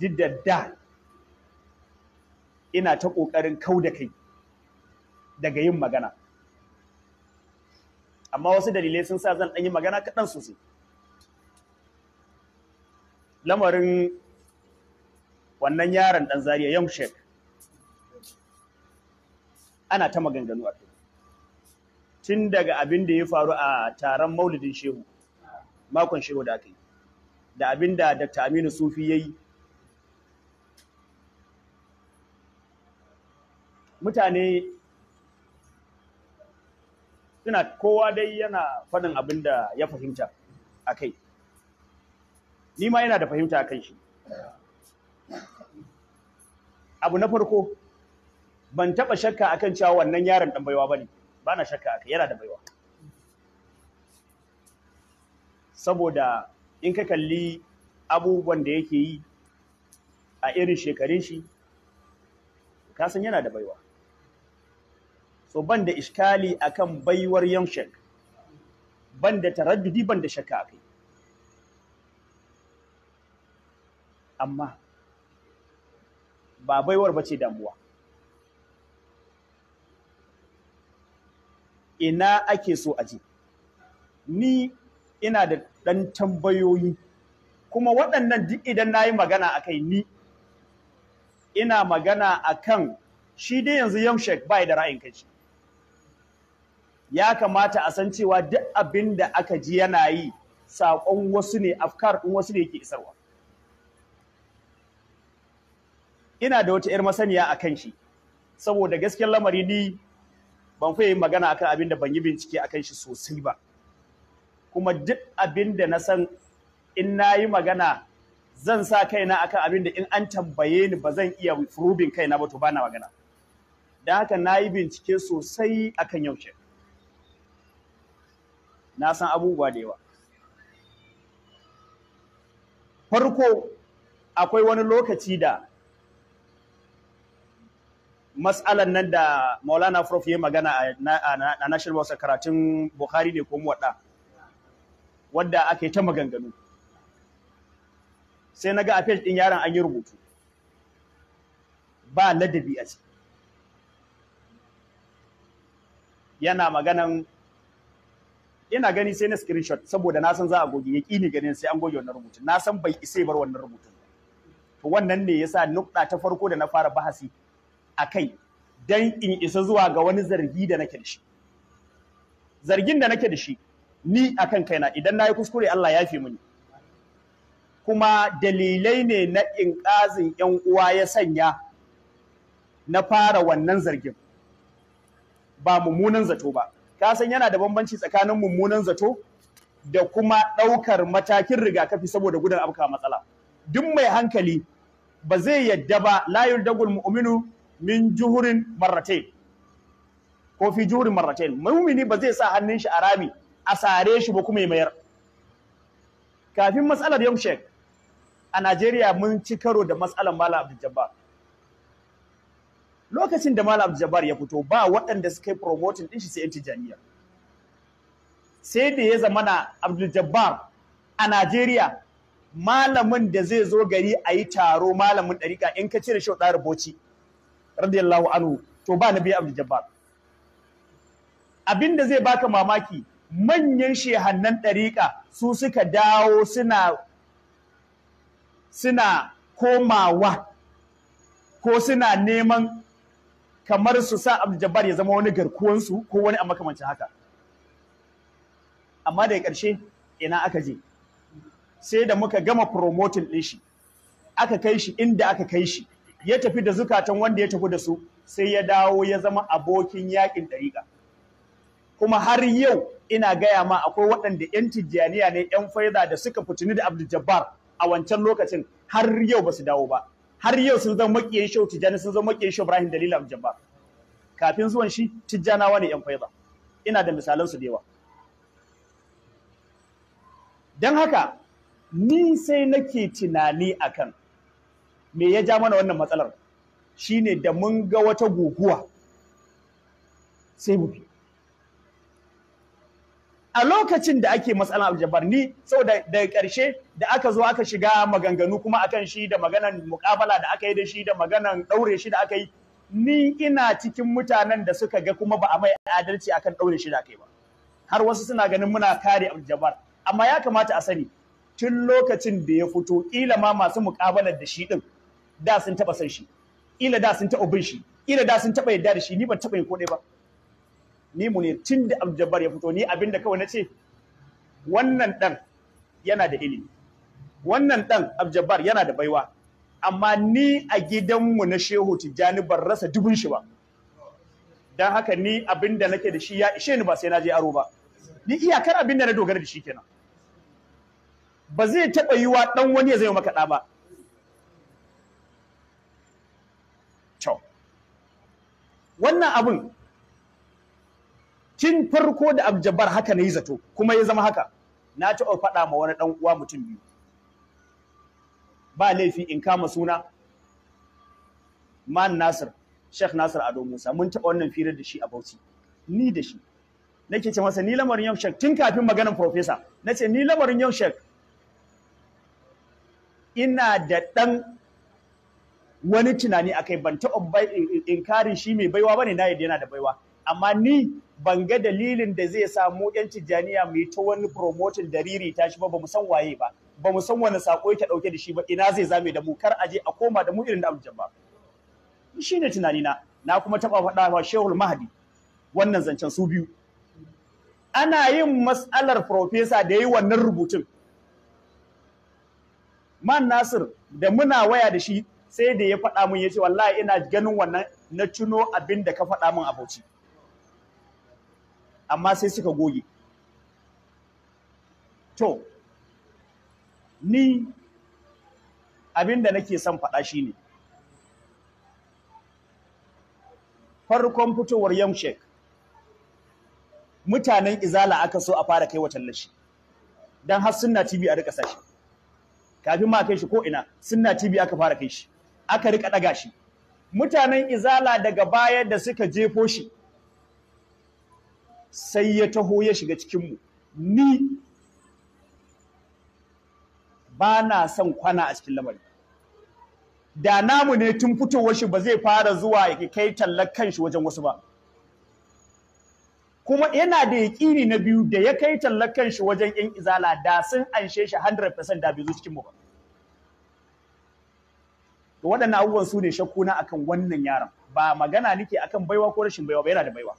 duk da da ina ta ƙoƙarin kau da kai daga yin magana amma wasu dalilai sun sa zan yi magana kaɗan sosai lamarin wannan yaron ɗan zariya yam shek ana ta maganganu a kai tun daga abin da ya faru a taron maulidin shehu makon shehu da aka yi da abin da dr aminu sufi ya yi mutane suna kowa dai yana faɗin abin da ya fahimta a kai ni ma yana da fahimta a kan shi abu na farko ban taɓa shakka akan cewa wannan yaron ɗan baiwa ba ne ba na shakka kai yana da baiwa saboda in ka kalli abubuwan da yake yi a irin shekarun shi kasan yana da baiwa so ban da iskali akan baiwar yamshek ban da taraddudi ban da shakka kai, amma ba baiwar ba ce damuwa ina ake so aje ni ina da ɗan tambayoyi kuma waɗannan duk idan na yi magana a kai ni ina magana a kan shi dai yanzu yamshek bai da ra'ayin kai ya kamata a san cewa duk abin da aka ji yana yi saƙon wasu ne afkar ɗin wasu ne ke isarwa ina da wata 'yar masaniya a kan shi saboda gaskiyar lamari ni ban fiye yin magana akan abin da ban yi bincike akan shi sosai ba kuma duk abin da na san in na yi magana zan sa kaina akan abin da in an tambaye ni ba zan iya rubin kaina ba to ba na magana da haka na yi bincike sosai akan yaushe na san abubuwa da yawa farko akwai wani lokaci da matsalan nan da maulana prof ya magana a national wasa karatun buhari ne ko muwaɗa wadda aka yi ta maganganu sai na ga a page ɗin yaron an yi rubutu ba ladabi a ciki yana maganan ina gani sai na screenshot saboda na san za a goge ni ganin sai an goge wannan rubutun na san bai isa bar wannan rubutun to wannan ne yasa nukta ta farko da na fara bahasi a kai dan in isa zuwa ga wani zargi da nake da shi zargin da nake da shi ni akan kaina idan na yi kuskure Allah ya fi mini kuma dalilai ne na inƙazin ‘yan uwa ya sanya na fara wannan zargin ba mummunan zato ba ka san yana da bambanci tsakanin mummunan zato da kuma ɗaukar matakin rigakafi saboda gudun afka matsala duk mai hankali ba zai yadda ba layin dagul mu'minu min juhurin marratain ko fi juhurin marratain mu'mini ba zai sa hannun shi a rami a sare shi ba kuma ya mayar kafin matsalar yamshek a Najeriya mun ci karo da matsalar Malam Abdul lokacin da Malam Jabbar ya fito ba waɗanda suka yi promoting ɗin shi sai Tijaniya sai da ya zama na Abdul Jabbar a Najeriya malamin da zai zo gari a yi taro malamin ɗariƙa in ka cire shi ɗari radiyallahu anhu to ba na biya Abdul Jabbar abin da zai baka mamaki manyan shehannan ɗariƙa su suka dawo suna suna komawa ko suna neman kamar su sa Abdul Jabbar ya zama wani garkuwansu ko wani amma makamancin haka amma daga ƙarshe ina aka je sai da muka gama promoting ɗin shi aka kai shi inda aka kai shi ya tafi da zukatan wanda ya tafi da su sai ya dawo ya zama abokin yaƙin ɗariƙa kuma har yau ina gaya ma akwai waɗanda 'yan tijjaniya ne 'yan faida da suka fitini da abdul a wancan lokacin har yau ba su dawo ba har yau sun zama makiyan shau tijjani sun zama makiyan shau ibrahim dalila jabbar kafin zuwan shi tijjanawa ne yan faiza ina da misalan su da yawa dan haka ni sai nake tunani akan me ya ja mana wannan matsalar shine da mun ga wata guguwa sai mu bi a lokacin da ake matsalan aljabar ni saboda da ƙarshe da aka zo aka shiga maganganu kuma akan shi da maganan mukabala da aka yi da shi da maganan ɗaure shi da aka yi ni ina cikin mutanen da suka ga kuma ba a mai adalci akan ɗaure shi da aka yi ba har wasu suna ganin muna kare aljabar amma ya kamata a sani tun lokacin da ya fito ƙila ma masu mukabalar da shi ɗin da sun taɓa san shi ƙila da sun taɓa bin shi ƙila da sun taɓa yadda da shi ni ban taɓa yin ko ba ni mu ne tun da Abdul ya fito ni abin da kawai na ce wannan dan yana da ilimi wannan ɗan Abdul yana da baiwa amma ni a gidanmu na Shehu Tijjani bar rasa dubun shi ba Don haka ni abinda nake da shi ya ishe ni ba sai na je aro ba ni iyakar abin da na dogara da shi kenan ba zai taɓa yi wa ɗan wani ya zai maka ɗa ba wannan abin tun farko da abjabar haka na yi zato kuma ya zama haka na taɓa faɗa ma wani ɗan uwa mutum biyu ba laifi in kama suna man nasir sheikh nasir ado musa mun taɓa wannan firar da shi a bauchi ni da shi nake ce masa ni lamarin yau shek tun kafin maganan profesa na ce ni lamarin yau shek ina da ɗan wani tunani a kai ban taɓa inkarin shi mai baiwa bane na yadda yana da baiwa amma ni ban ga dalilin da zai samu yan tijjaniya mu ta wani promoting da riri ta shi ba ba san waye ba ba san wani sako yake dauke da shi ba ina zai zame da mu kar a je a koma da mu irin da Abdul Shi shine tunani na na kuma taba faɗa wa Shehul Mahdi wannan zancen su biyu ana yin mas'alar profesa da yi wannan rubutun man Nasir da muna waya da shi sai da ya faɗa mun ya ce wallahi ina ganin wannan na tuno abin da ka faɗa mun bauchi. amma sai suka goge to ni abin da nake son faɗa shi ne farkon fitowar yamshek mutanen izala aka so a fara kai watan lashi don har suna tv a rika sashi kafin ma kai shi ko ina suna tv aka fara kai shi aka rika ɗaga shi mutanen izala daga baya da suka jefo shi sai ya taho ya shiga cikinmu ni ba na son kwana a cikin lamari da namu ne tun fitowar shi ba zai fara zuwa ya kai tallar kanshi wajen wasu ba kuma yana da yaƙini na biyu da ya kai tallar kanshi wajen yan izala da sun anshe shi 100% da bai zo cikinmu ba Da waɗannan abubuwan su ne shakkuna akan wannan yaron ba magana nake akan baiwa ko rashin baiwa ba yana da baiwa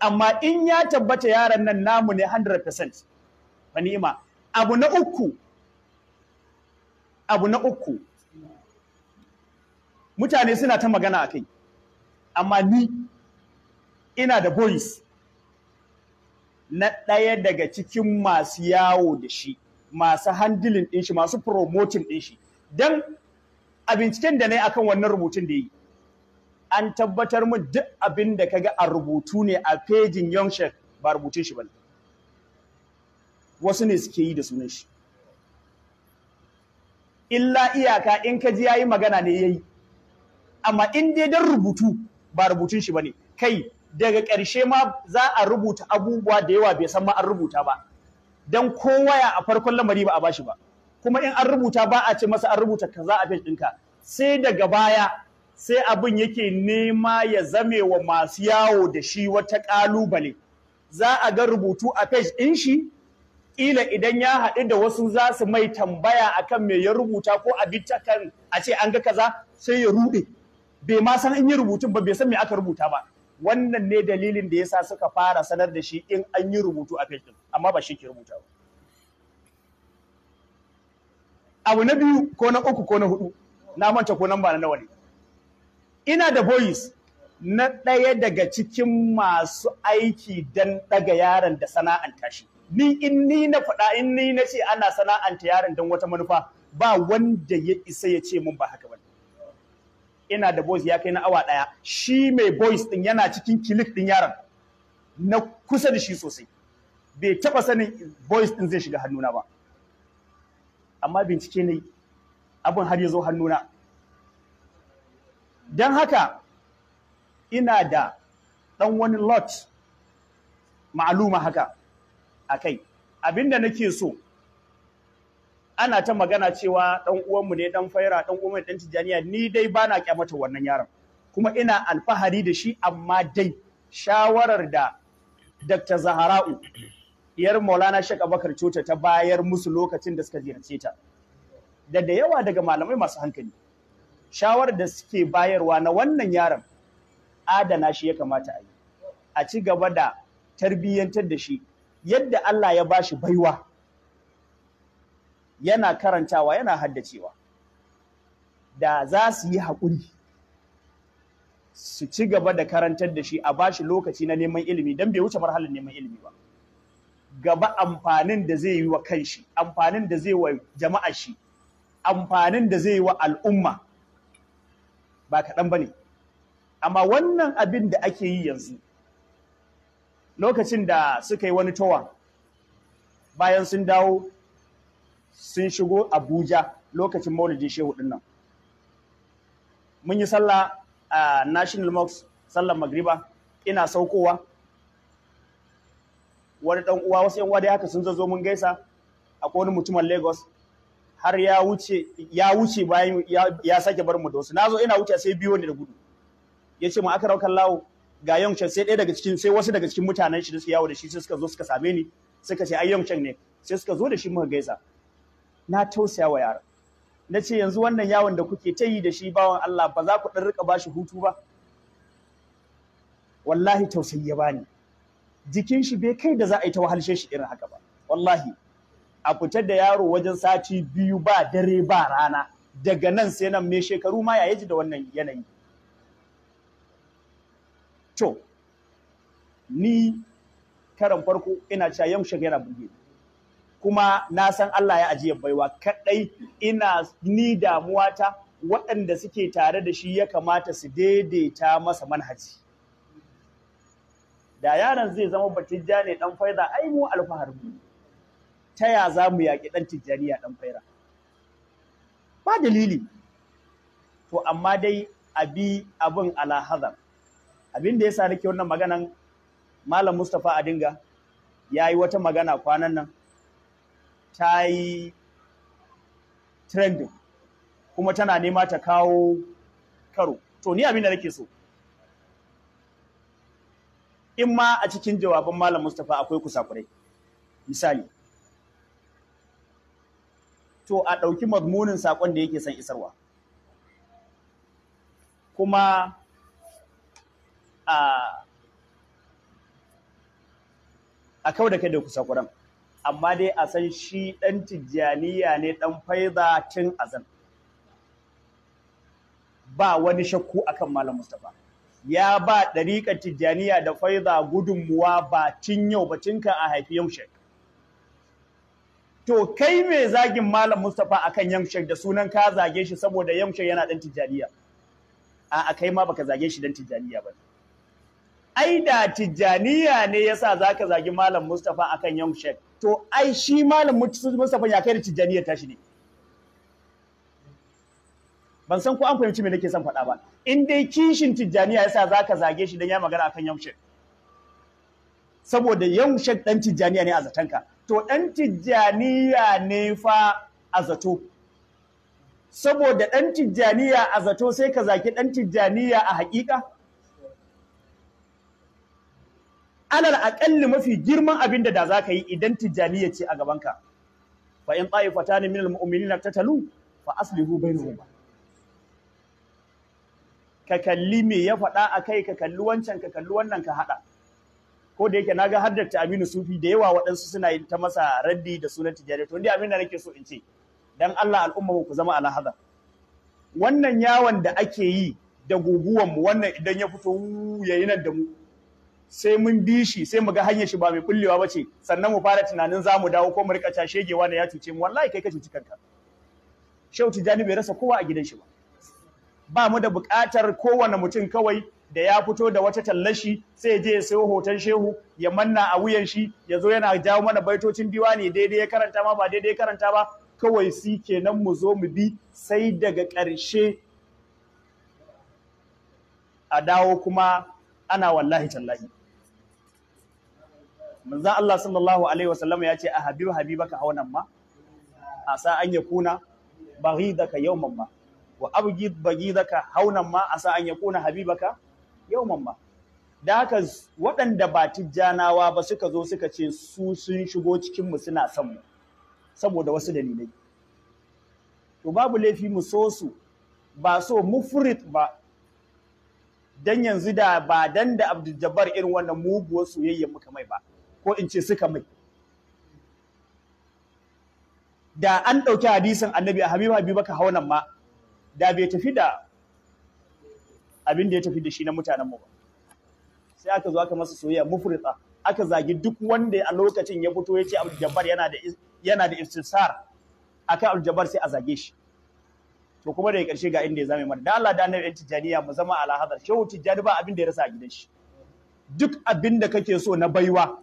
amma in ya tabbata yaran nan namu ne 100% ni'ima abu na uku abu na uku mutane suna ta magana a kai amma ni ina da boys na ɗaya daga cikin masu yawo da shi masu handilin ɗin shi masu promoting ɗin shi don a binciken da na yi akan wannan rubutun da yi an tabbatar mun duk abin da kaga a rubutu ne a fejin Yongshek ba rubutun shi bane wasu ne suke yi da sunan shi illa iyaka in ka ji yayi magana ne yayi amma in dai dan rubutu ba rubutun shi bane kai daga ƙarshe ma za a rubuta abubuwa da yawa bai san ma an rubuta ba dan kowaya a farkon lamari ba a bashi ba kuma in an rubuta ba a ce masa an rubuta kaza a fejin ɗinka sai daga baya sai abin yake nema ya zame wa masu yawo da shi wata ƙalubale za a ga rubutu a page ɗin shi ƙila idan ya haɗu da wasu za su mai tambaya akan me ya rubuta ko a bita kan a ce an ga kaza sai ya ruɗe bai ma san in yi rubutun ba bai san me aka rubuta ba wannan ne dalilin da yasa suka fara sanar da shi in an yi rubutu a page ɗin amma ba shi ke rubuta ba abu na biyu ko na uku ko na hudu na manta ko nan ba na nawa ne ina da voice na ɗaya daga cikin masu aiki don ɗaga yaron da sana'anta shi. Ni in ni na faɗa in ni na ce ana sana'anta yaron don wata manufa ba wanda ya isa ya ce mun ba haka ba. Ina da voice ya kai na awa ɗaya shi mai voice ɗin yana cikin kilik ɗin yaron na kusa da shi sosai. Bai taɓa sanin voice ɗin zai shiga hannuna ba. Amma bincike ne abin har ya zo hannuna. don haka ina da ɗan wani lot ma'aluma haka a kai abinda nake so ana ta magana cewa ɗan uwanmu ne ɗan faira ɗan uwanmu ɗan tijjaniya ni dai ba na kyamata wannan yaron kuma ina alfahari da shi amma dai shawarar da Dr. Zahara'u yar Maulana shaka bakar Cota ta bayar musu lokacin da suka ziyarce ta da da yawa daga malamai masu hankali shawarar da suke bayarwa na wannan yaron adana shi ya kamata a yi a ci gaba da tarbiyyantar da shi yadda Allah ya ba shi baiwa yana karantawa yana haddacewa da za su yi haƙuri su ci gaba da karantar da shi a ba shi lokaci na neman ilimi don bai wuce marhalar neman ilimi ba gaba amfanin da zai yi wa kanshi amfanin da zai yi wa jama'a shi amfanin da zai yi wa al'umma ba kaɗan ba ne amma wannan abin da ake yi yanzu lokacin da suka yi wani towa bayan sun dawo sun shigo abuja lokacin maulidin shehu ɗin nan mun yi sallah a national mosque sallar magriba ina saukowa wani ɗan uwa wasu yan da haka sun zo mun gaisa a wani mutumin lagos har ya wuce ya wuce bayan ya sake bar mu da wasu nazo ina wuce sai biyo ne da gudu yace mu aka raukan lawo ga yancin sai ɗaya daga cikin sai wasu daga cikin mutanen shi da su yawo da shi sai suka zo suka same ni suka ce ai yancin ne sai suka zo da shi muka gaisa na tausaya wa yaran na ce yanzu wannan yawon da kuke ta yi da shi bawan Allah ba za ku ɗan rika bashi hutu ba wallahi tausayi ya bani jikin shi bai kai da za a yi ta wahalshe shi irin haka ba wallahi a fita da yaro wajen sati biyu ba dare ba rana daga nan sai nan mai shekaru ma ya ji da wannan yanayi to ni karan farko ina cewa yau shiga yana burge kuma na san Allah ya ajiye baiwa kadai ina ni damuwa ta waɗanda suke tare da shi ya kamata su daidaita masa manhaji da yaron zai zama batijja ne ɗan faida ai mu alfaharmu ta ya za mu yaƙi ɗan tijjaniya ɗan faira ba dalili to amma dai abi abin alahazar abin da ya sa nake wannan maganan malam mustapha adinga ya yi wata magana kwanan nan ta yi trending kuma tana nema ta kawo karo to ni abin da nake so in ma a cikin jawaban malam mustapha akwai kusa kusakurai misali to a ɗauki mazmunin saƙon da yake son isarwa kuma a a da kai da kusa kuran amma dai a san shi ɗan tijjaniya ne ɗan faiza tun azan ba wani shakku akan malam mustapha ya ba ɗariƙar tijjaniya da faiza gudunmuwa ba tun yau ba tun kan a haifi yau shekaru to kai mai zagin malam Mustapha akan Yamshek da sunan ka zage shi saboda Yamshek yana dan tijjaniya a kai ma baka zage shi dan tijjaniya ba ai da tijjaniya ne yasa zaka zagi malam Mustapha akan Yamshek to ai shi malam Mustapha ya kai da tijjaniya tashi ne ban san ko an fahimci me nake son faɗa ba in dai kishin tijjaniya yasa zaka zage shi dan ya magana akan Yamshek saboda Yamshek dan tijjaniya ne a zatanka to ɗan tijjaniya ne fa a zato saboda ɗan tijjaniya a zato sai ka zaki ɗan tijjaniya a haƙiƙa alal aƙalli mafi girman abin da da za ka yi idan tijjaniya ce a gabanka fa in fata ne minal mu'minina tatalu fa aslihu ba. ka kalli me ya faɗa a kai ka kalli wancan ka kalli wannan ka haɗa ko da yake na ga har Aminu Sufi da yawa waɗansu suna yin ta masa raddi da sunan tijjani to ni abin da nake so in ce dan Allah al'umma ku zama alhaza wannan yawon da ake yi da guguwan mu wannan idan ya fito yayin nan da mu sai mun bi shi sai mu ga hanyar shi ba mai kullewa ce, sannan mu fara tunanin za mu dawo ko mu rika cashegewa da ya cuce mu wallahi kai ka cuci kanka Shehu Tijjani bai rasa kowa a gidan shi ba ba mu da buƙatar kowane mutum kawai da ya fito da wata tallashi sai je ya sayo hoton shehu ya manna a wuyan shi ya zo yana jawo mana baitocin biwa ne daidai ya karanta ma ba daidai ya karanta ba kawai si kenan mu zo mu bi sai daga ƙarshe a dawo kuma ana wallahi tallahi manzo Allah sallallahu alaihi wasallam ya ce a habibu habibaka nan ma a sa an ya kuna baghidaka yawman ma wa abghid baghidaka haunan ma a sa an ya kuna habibaka Yau, Mamma, da haka waɗanda ba tijjanawa ba suka zo suka ce su sun shigo cikin mu suna son saboda wasu dalilai to babu laifi mu so su ba so mu furit ba dan yanzu da ba dan da Abdul irin wannan muguwar soyayya muka mai ba ko in ce suka mai da an ɗauki hadisin annabi a habiba habiba ka haunan ma da bai tafi da abin da ya tafi da shi na mutanen mu ba sai aka zo aka masa soyayya mufrita aka zagi duk wanda a lokacin ya fito ya ce Abdul Jabbar yana da yana da istisar akan Abdul Jabbar sai a zage shi to kuma daga ƙarshe ga inda ya zame mana da Allah da annabi tijaniya mu zama ala hadar shehu tijani ba abin da ya rasa a gidan shi duk abin da kake so na baiwa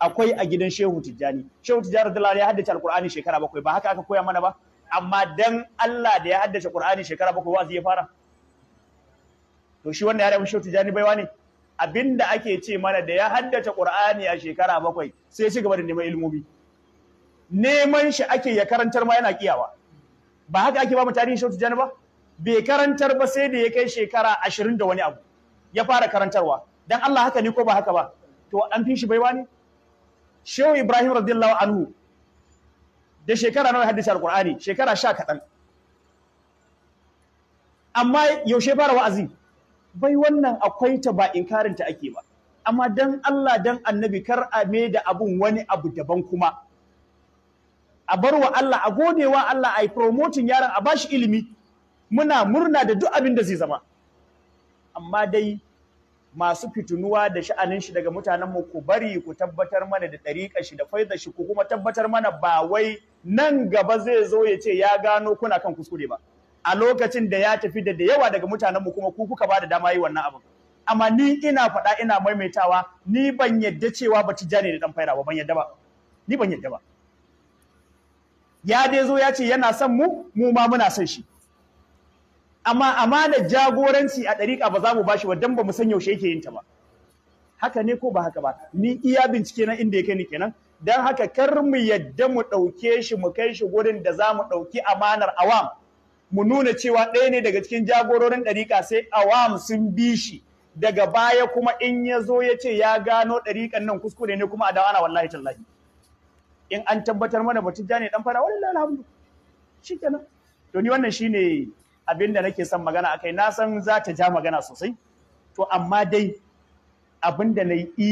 akwai a gidan shehu tijani shehu tijani radiyallahu ya haddace alqur'ani shekara bakwai ba haka aka koya mana ba amma dan Allah da ya haddace alqur'ani shekara bakwai wazi ya fara to shi wannan ya rabu shi tijani baiwa ne abinda ake ce mana da ya haddace Qur'ani a shekara bakwai sai ya ci da neman ilmomi neman shi ake ya karantar ma yana kiyawa ba haka ake ba mu tarihi shi tijani ba bai karantar ba sai da ya kai shekara ashirin da wani abu ya fara karantarwa dan Allah haka ne ko ba haka ba to an fi shi baiwa ne Shehu Ibrahim radiyallahu anhu da shekara nawa haddace alqur'ani shekara sha kaɗan amma yaushe fara wa'azi bai wannan akwai ta ba karinta ake ba amma dan Allah dan annabi kar a me da abun wani abu daban kuma a bar wa Allah a godewa Allah a yi promoting yaran, a bashi ilimi muna murna da duk abin da zai zama amma dai masu fitunuwa da sha'anin shi daga mutanen mu ku bari ku tabbatar mana da ɗariƙa shi da faida shi ku kuma tabbatar mana ba wai nan gaba zai zo ya ce ya gano kuna kan kuskure ba a lokacin da ya tafi da yawa daga mutanen mu kuma ku kuka ba da dama yi wannan abin amma ni ina faɗa ina maimaitawa ni ban yadda cewa ba tijjani da dan faira ba ban yadda ba ni ban yadda ba ya dai zo ya ce yana son mu mu ma muna son shi amma amanar jagoranci a ɗariƙa ba za mu bashi ba dan ba mu san yaushe yake yin ta ba haka ne ko ba haka ba ni iya bincike na inda ya kai ni kenan dan haka kar mu yadda mu ɗauke shi mu kai shi gurin da za mu ɗauki amanar awam mu nuna cewa ɗaya ne daga cikin jagororin ɗariƙa sai awam sun bi shi daga baya kuma in ya zo ya ce ya gano ɗariƙan nan kuskure ne kuma a dawo ana wallahi tallahi in an tabbatar mana batun ja ne dan fara wallahi alhamdu shikenan to ni wannan shine abin da nake son magana akai na san za ta ja magana sosai to amma dai abin da na yi